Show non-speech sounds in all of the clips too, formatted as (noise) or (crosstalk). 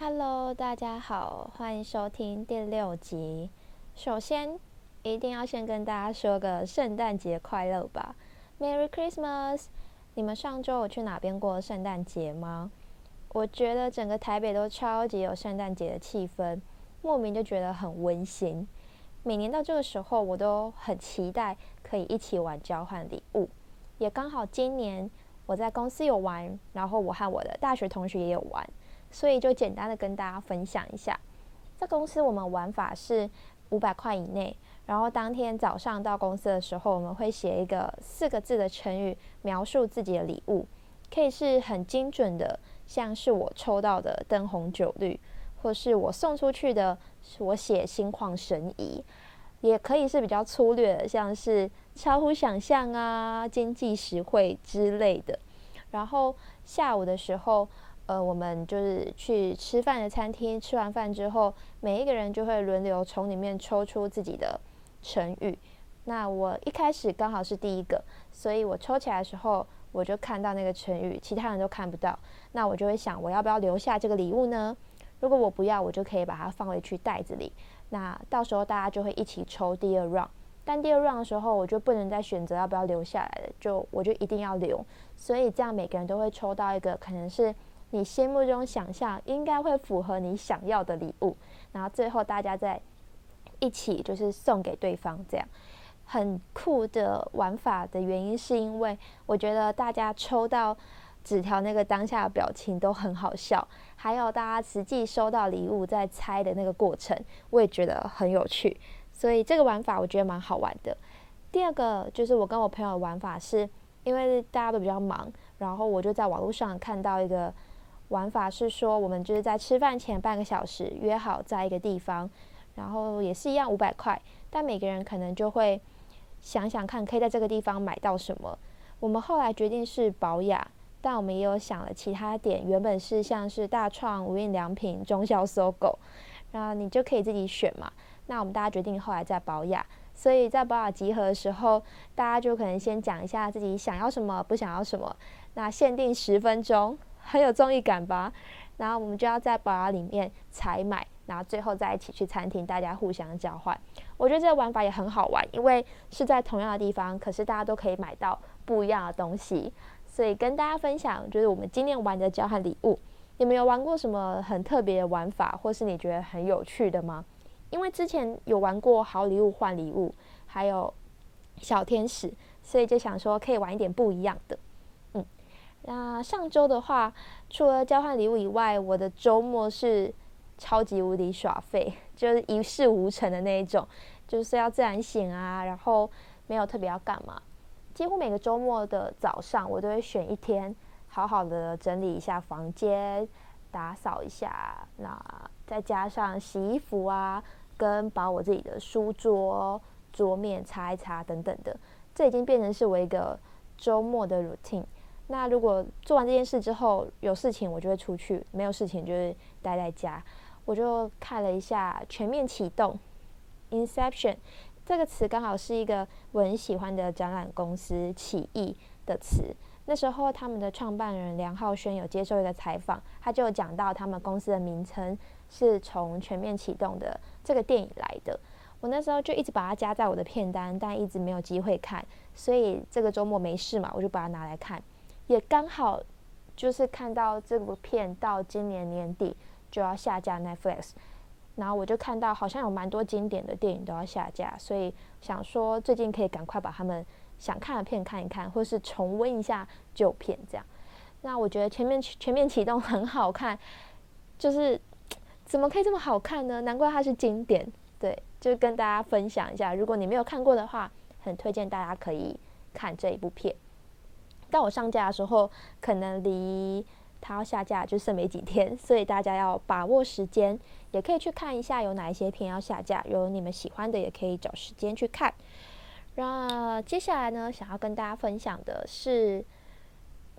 Hello，大家好，歡迎收聽第六集。首先，一定要先跟大家說個聖誕節快樂吧，Merry Christmas！你們上周有去哪邊過聖誕節嗎？我覺得整個台北都超級有聖誕節的氣氛，莫名就覺得很溫馨。每年到這個時候，我都很期待可以一起玩交換禮物。也剛好今年我在公司有玩，然後我和我的大學同學也有玩。所以就簡單的跟大家分享一下，在公司我們玩法是五百塊以內，然後當天早上到公司的時候，我們會寫一個四個字的成語描述自己的禮物，可以是很精準的，像是我抽到的“燈紅酒綠”，或是我送出去的，是我寫“心曠神怡”，也可以是比較粗略的，像是“超乎想象”啊、“經濟實惠”之類的。然後下午的時候。呃，我們就是去吃飯的餐廳，吃完飯之後，每一個人就會輪流從裡面抽出自己的成語。那我一開始剛好是第一個，所以我抽起來的時候，我就看到那個成語，其他人都看不到。那我就會想，我要不要留下這個禮物呢？如果我不要，我就可以把它放回去袋子裡。那到時候大家就會一起抽第二 round，但第二 round 的時候，我就不能再選擇要不要留下來了，就我就一定要留。所以這樣每個人都會抽到一個可能是。你心目中想象應該會符合你想要的禮物，然後最後大家再一起就是送給對方。這樣很酷的玩法的原因是因為我覺得大家抽到紙條那個當下的表情都很好笑，還有大家實際收到禮物在猜的那個過程，我也覺得很有趣，所以這個玩法我覺得蠻好玩的。第二個就是我跟我朋友的玩法，是因為大家都比較忙，然後我就在網絡上看到一個，玩法是說，我們就是在吃飯前半個小時約好在一個地方，然後也是一樣五百塊，但每個人可能就會想想看，可以在這個地方買到什麼。我們後來決定是寶雅，但我們也有想了其他點，原本是像是大創、無印良品、忠孝 SOGO，然後你就可以自己選嘛。那我們大家決定後來在寶雅，所以在寶雅集合的時候，大家就可能先講一下自己想要什麼，不想要什麼，那限定十分鐘。很有綜藝感吧？然後我們就要在寶雅裡面採買，然後最後再一起去餐廳，大家互相交換。我覺得這個玩法也很好玩，因為是在同樣的地方，可是大家都可以買到不一樣的東西。所以跟大家分享，就是我們今天玩的交換禮物。你有沒有玩過什麼很特別的玩法，或是你覺得很有趣的嗎？因為之前有玩過好禮物換禮物，還有小天使，所以就想說可以玩一點不一樣的。那上週的話，除了交換禮物以外，我的週末是超級無敵耍廢，就是一事無成的那一種，就是要自然醒啊，然後沒有特別要幹嘛。幾乎每個週末的早上，我都會選一天好好的整理一下房間，打掃一下，那再加上洗衣服啊，跟把我自己的書桌桌面擦一擦等等的，這已經變成是我一個週末的 routine。那如果做完這件事之後，有事情，我就會出去；沒有事情就是待在家。我就看了一下《全面啟動》，Inception，這個詞剛好是一個我很喜歡的展覽公司啟藝的詞。那時候他們的創辦人梁浩軒有接受一個採訪，他就講到他們公司的名稱是從《全面啟動》的這個電影來的。我那時候就一直把它加在我的片單，但一直沒有機會看，所以這個周末沒事嘛，我就把它拿來看。也剛好就是看到這部片到今年年底就要下架 Netflix，然後我就看到好像有蠻多經典的電影都要下架，所以想說最近可以趕快把他們想看的片看一看，或是重溫一下舊片這樣。那我覺得前面、《全面啟動》很好看，就是怎麼可以這麼好看呢？難怪它是經典。對，就跟大家分享一下，如果你沒有看過的話，很推薦大家可以看這一部片。但我上架的時候，可能離它要下架就剩沒幾天，所以大家要把握時間，也可以去看一下有哪一些片要下架，有你們喜歡的也可以找時間去看。那接下來呢，想要跟大家分享的是，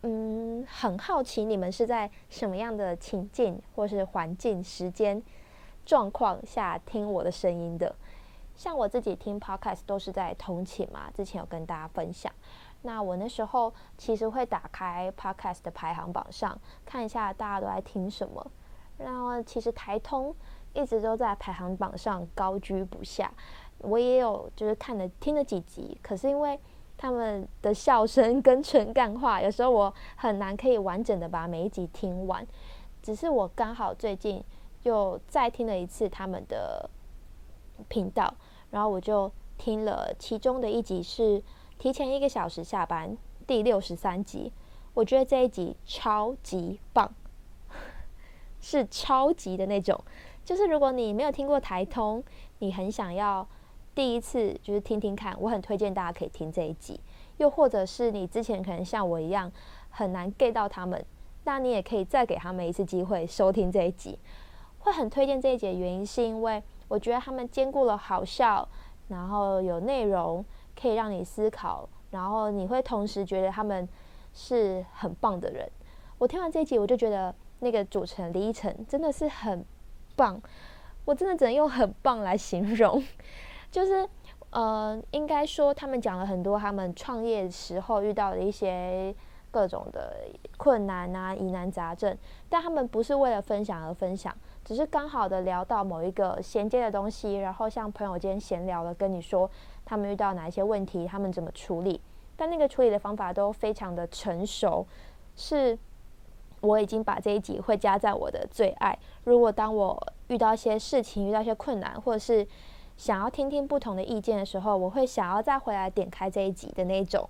嗯，很好奇你們是在什麼樣的情境或是環境、時間狀況下聽我的聲音的？像我自己聽 Podcast 都是在通勤嘛，之前有跟大家分享。那我那時候其實會打開 Podcast 的排行榜上看一下大家都在聽什麼。然後其實台通一直都在排行榜上高居不下。我也有就是看了聽了幾集，可是因為他們的笑聲跟純幹話，有時候我很難可以完整的把每一集聽完。只是我剛好最近又再聽了一次他們的頻道，然後我就聽了其中的一集是。提前一個小時上班，第六十三集，我覺得這一集超級棒， (laughs) 是超級的那種。就是如果你沒有聽過台通，你很想要第一次就是聽聽看，我很推薦大家可以聽這一集。又或者是你之前可能像我一樣很難 get 到他們，那你也可以再給他們一次機會收聽這一集。會很推薦這一集的原因是因為我覺得他們兼顧了好笑，然後有內容。可以讓你思考，然後你會同時覺得他們是很棒的人。我聽完這一集，我就覺得那個主持人李一晨真的是很棒，我真的只能用很棒來形容。就是，嗯、呃，應該說他們講了很多他們創業的時候遇到的一些各種的困難啊、疑難雜症，但他們不是為了分享而分享，只是剛好的聊到某一個銜接的東西，然後像朋友間閒聊的跟你說。他們遇到哪一些問題，他們怎麼處理？但那個處理的方法都非常的成熟，是我已經把這一集會加在我的最愛。如果當我遇到一些事情，遇到一些困難，或者是想要聽聽不同的意見的時候，我會想要再回來點開這一集的那種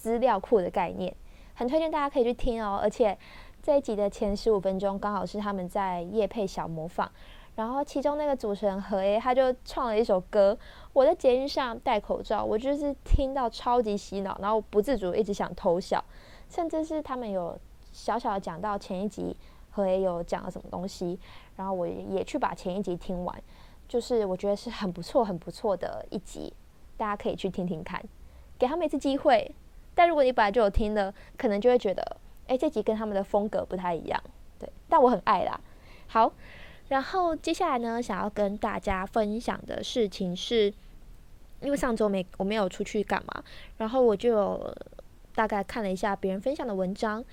資料庫的概念，很推薦大家可以去聽哦。而且這一集的前十五分鐘剛好是他們在夜配小模仿，然後其中那個主持人何 A 他就創了一首歌。我在節目上戴口罩，我就是聽到超級洗腦，然後不自主一直想偷笑，甚至是他們有小小的講到前一集和也有講了什麼東西，然後我也去把前一集聽完，就是我覺得是很不錯、很不錯的一集，大家可以去聽聽看，給他們一次機會。但如果你本來就有聽了，可能就會覺得，哎、欸，這集跟他們的風格不太一樣，對。但我很愛啦。好，然後接下來呢，想要跟大家分享的事情是。因為上周我沒我沒有出去幹嘛，然後我就大概看了一下別人分享的文章，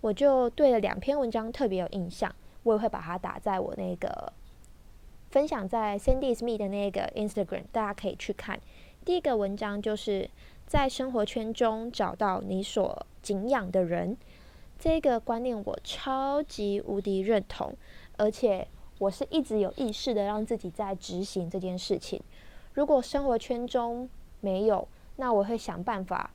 我就對了兩篇文章特別有印象，我也會把它打在我那個分享在 Sandy Smith 的那個 Instagram，大家可以去看。第一個文章就是在生活圈中找到你所景仰的人，這個觀念我超級無敵認同，而且我是一直有意識的讓自己在執行這件事情。如果生活圈中沒有，那我會想辦法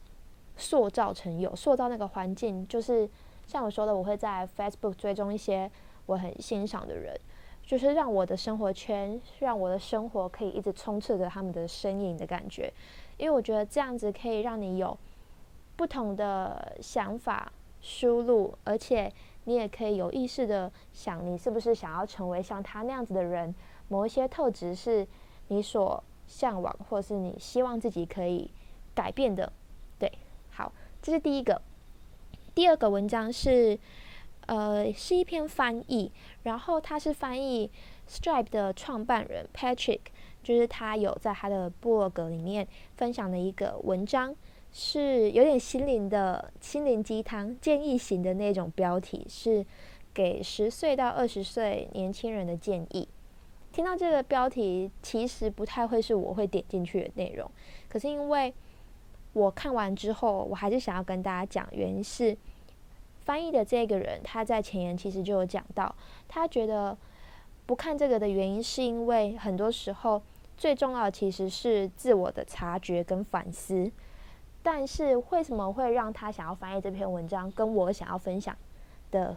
塑造成有、塑造那個環境。就是像我說的，我會在 Facebook 追蹤一些我很欣賞的人，就是讓我的生活圈，讓我的生活可以一直充斥着他們的身影的感覺。因為我覺得這樣子可以讓你有不同的想法輸入，而且你也可以有意識的想，你是不是想要成為像他那樣子的人。某一些特質是你所嚮往，或是你希望自己可以改變的，對，好，這是第一個。第二個文章是，呃，是一篇翻譯，然後他是翻譯 Stripe 的創辦人 Patrick，就是他有在他的部落格裡面分享的一個文章，是有點心靈的、心靈雞湯建議型的那種標題，是給十歲到二十歲年輕人的建議。聽到這個標題，其實不太會是我會點進去的內容。可是因為，我看完之後，我還是想要跟大家講，原因是翻譯的這個人他在前言其實就有講到，他覺得不看這個的原因是因為很多時候最重要的其實是自我的察覺跟反思。但是為什麼會讓他想要翻譯這篇文章，跟我想要分享的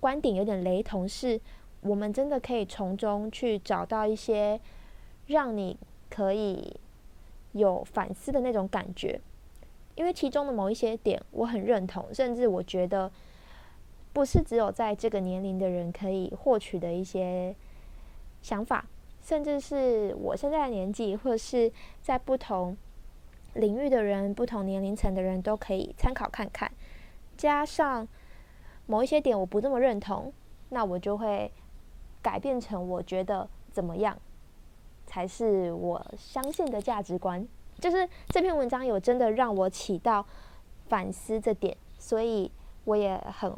觀點有點雷同？是？我們真的可以從中去找到一些讓你可以有反思的那種感覺，因為其中的某一些點我很認同，甚至我覺得不是只有在這個年齡的人可以獲取的一些想法，甚至是我現在的年紀或者是在不同領域的人、不同年齡層的人都可以參考看看。加上某一些點我不這麼認同，那我就會。改變成我覺得怎麼樣，才是我相信的價值觀。就是這篇文章有真的讓我起到反思這點，所以我也很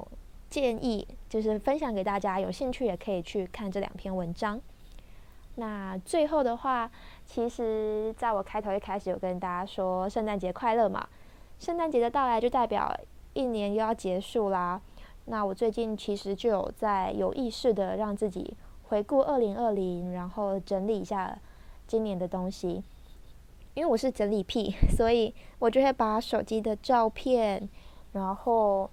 建議，就是分享給大家，有興趣也可以去看這兩篇文章。那最後的話，其實在我開頭一開始有跟大家說聖誕節快樂嘛，聖誕節的到來就代表一年又要結束啦。那我最近其實就有在有意識的讓自己回顧二零二零，然後整理一下今年的東西，因為我是整理癖，所以我就會把手機的照片，然後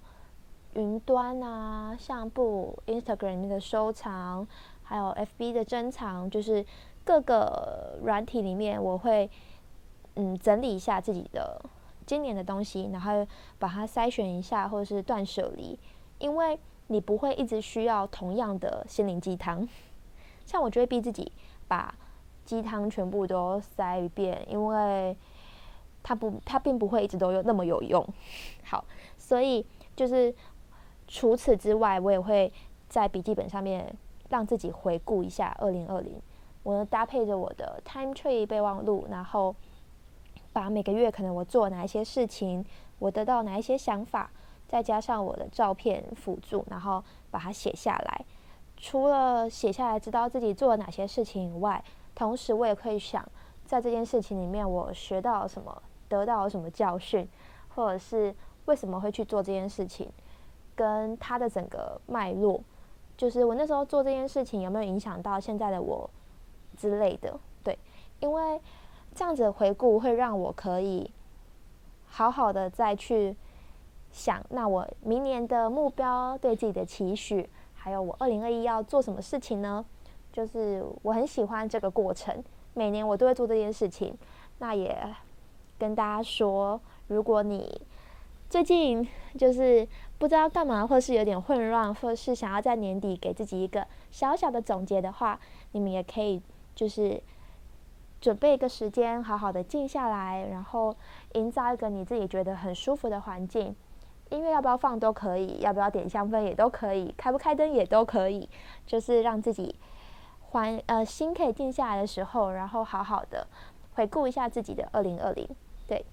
雲端啊，相簿、Instagram 的收藏，還有 FB 的珍藏，就是各個軟體裡面，我會嗯整理一下自己的今年的東西，然後把它篩選一下，或者是斷舍離。因為你不會一直需要同樣的心靈雞湯， (laughs) 像我就會逼自己把雞湯全部都塞一遍，因為它不，它並不會一直都有那麼有用。好，所以就是除此之外，我也會在筆記本上面讓自己回顧一下二零二零。我搭配着我的 Time Tree 備忘錄，然後把每個月可能我做哪一些事情，我得到哪一些想法。再加上我的照片輔助，然後把它寫下來。除了寫下來知道自己做了哪些事情以外，同時我也可以想，在這件事情裡面我學到了什麼，得到了什麼教訓，或者是為什麼會去做這件事情，跟它的整個脈絡，就是我那時候做這件事情有沒有影響到現在的我之類的。對，因為這樣子的回顧會讓我可以好好的再去。想，那我明年的目標，對自己的期許，還有我二零二一要做什麼事情呢？就是我很喜歡這個過程，每年我都會做這件事情。那也跟大家說，如果你最近就是不知道幹嘛，或是有點混亂，或是想要在年底給自己一個小小的總結的話，你們也可以就是準備一個時間，好好的靜下來，然後營造一個你自己覺得很舒服的環境。音樂要不要放都可以，要不要點香氛也都可以，開不開燈也都可以，就是讓自己還呃心可以靜下來的時候，然後好好的回顧一下自己的二零二零。對，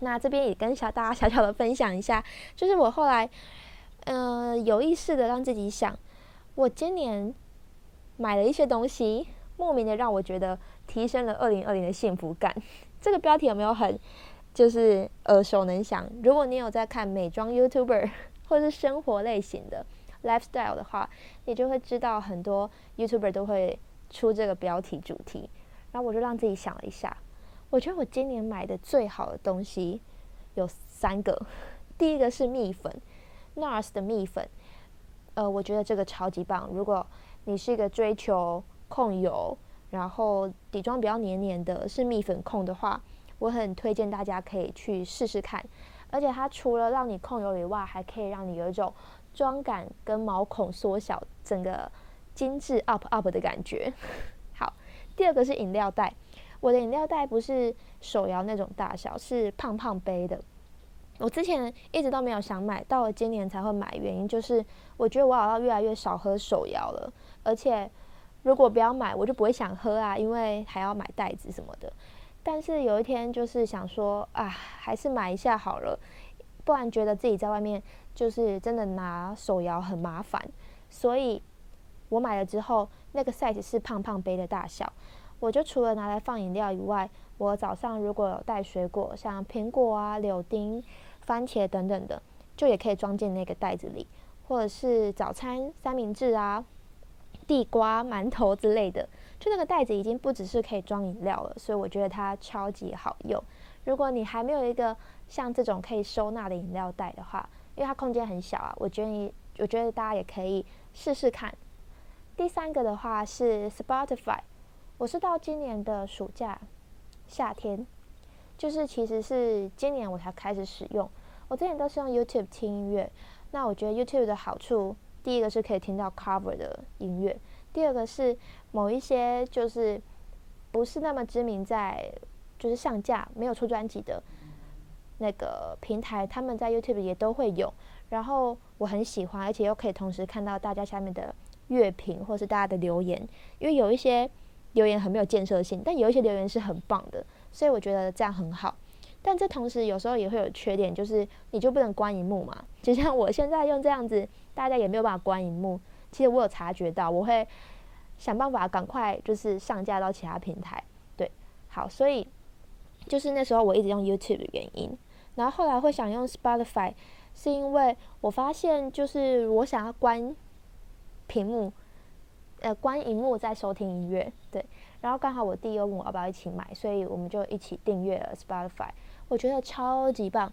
那這邊也跟小大家小小的分享一下，就是我後來嗯、呃、有意識的讓自己想，我今年買了一些東西，莫名的讓我覺得提升了二零二零的幸福感。這個標題有沒有很？就是耳熟能詳。如果你有在看美妝 YouTuber (laughs) 或是生活類型的 Lifestyle 的話，你就會知道很多 YouTuber 都會出這個標題主題。然後我就讓自己想了一下，我覺得我今年買的最好的東西有三個。第一個是蜜粉，NARS 的蜜粉，呃，我覺得這個超級棒。如果你是一個追求控油，然後底妝比較黏黏的，是蜜粉控的話。我很推薦大家可以去試試看，而且它除了讓你控油以外，還可以讓你有一種妝感跟毛孔縮小，整個精緻 up up 的感覺。好，第二個是飲料袋，我的飲料袋不是手搖那種大小，是胖胖杯的。我之前一直都沒有想買，到了今年才會買，原因就是我覺得我好像越來越少喝手搖了，而且如果不要買，我就不會想喝啊，因為還要買袋子什麼的。但是有一天，就是想說啊，還是買一下好了，不然覺得自己在外面就是真的拿手搖很麻煩，所以我買了之後，那個 size 是胖胖杯的大小，我就除了拿來放飲料以外，我早上如果有帶水果，像蘋果啊、柳丁、番茄等等的，就也可以裝進那個袋子裡，或者是早餐三明治啊、地瓜、饅頭之類的。就那個袋子已經不只是可以裝飲料了，所以我覺得它超級好用。如果你還沒有一個像這種可以收納的飲料袋的話，因為它空間很小啊，我建議我覺得大家也可以試試看。第三個的話是 Spotify，我是到今年的暑假、夏天，就是其實是今年我才開始使用。我之前都是用 YouTube 聽音樂，那我覺得 YouTube 的好處，第一個是可以聽到 Cover 的音樂。第二個是某一些就是不是那麼知名，在就是上架沒有出專輯的那個平台，他們在 YouTube 也都會有。然後我很喜歡，而且又可以同時看到大家下面的樂評或者是大家的留言，因為有一些留言很沒有建設性，但有一些留言是很棒的，所以我覺得這樣很好。但這同時有時候也會有缺點，就是你就不能關螢幕嘛，就像我現在用這樣子，大家也沒有辦法關螢幕。其實我有察覺到，我會想辦法趕快就是上架到其他平台，對，好，所以就是那時候我一直用 YouTube 的原因，然後後來會想用 Spotify，是因為我發現就是我想要關屏幕，呃，關熒幕再收聽音樂，對，然後剛好我弟又問我要不要一起買，所以我們就一起訂閱了 Spotify，我覺得超級棒，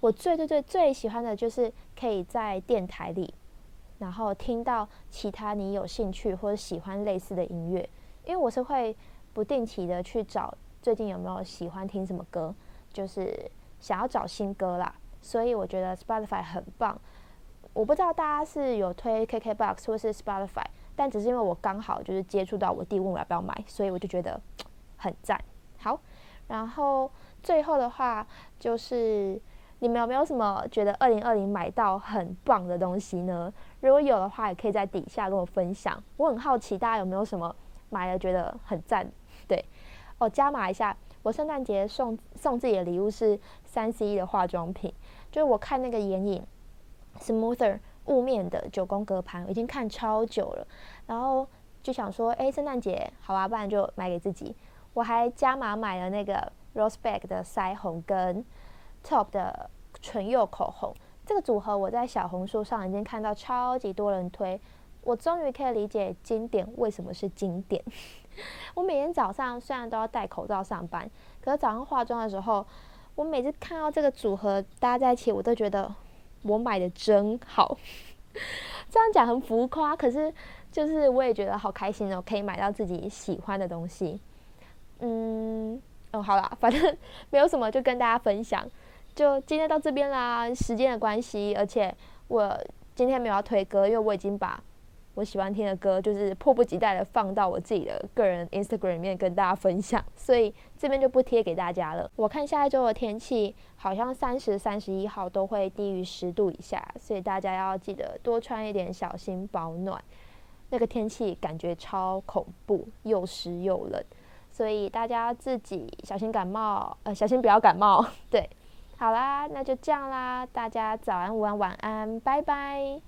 我最最最最喜歡的就是可以在電台裡。然後聽到其他你有興趣或者喜歡類似的音樂，因為我是會不定期的去找最近有沒有喜歡聽什麼歌，就是想要找新歌啦，所以我覺得 Spotify 很棒。我不知道大家是有推 KKBOX 或是 Spotify，但只是因為我剛好就是接觸到我弟問我要不要買，所以我就覺得很讚。好，然後最後的話就是。你們有沒有什麼覺得二零二零買到很棒的東西呢？如果有的話，也可以在底下跟我分享。我很好奇大家有沒有什麼買了覺得很讚？對，哦，加碼一下，我聖誕節送送自己的禮物是 3CE 的化妝品，就是我看那個眼影 Smoother 霧面的九宮格盤，我已經看超久了，然後就想說，哎、欸，聖誕節好吧、啊，不然就買給自己。我還加碼買了那個 rose bag 的腮紅跟。TOP 的唇釉口紅這個組合，我在小紅書上已經看到超級多人推，我終於可以理解經典為什麼是經典。 (laughs) 我每天早上雖然都要戴口罩上班，可是早上化妝的時候，我每次看到這個組合搭在一起，我都覺得我買的真好。 (laughs) 這樣講很浮誇，可是就是我也覺得好開心哦，可以買到自己喜歡的東西。嗯，哦、嗯，好啦，反正沒有什麼就跟大家分享。就今天到這邊啦，時間的關係，而且我今天沒有要推歌，因為我已經把我喜歡聽的歌，就是迫不及待的放到我自己的個人 Instagram 裡面跟大家分享，所以這邊就不貼給大家了。我看下一周的天氣，好像三十、三十一號都會低於十度以下，所以大家要記得多穿一點，小心保暖。那個天氣感覺超恐怖，又濕又冷，所以大家自己小心感冒，呃，小心不要感冒。 (laughs) 對。好啦，那就這樣啦。大家早安、午安、晚安，拜拜。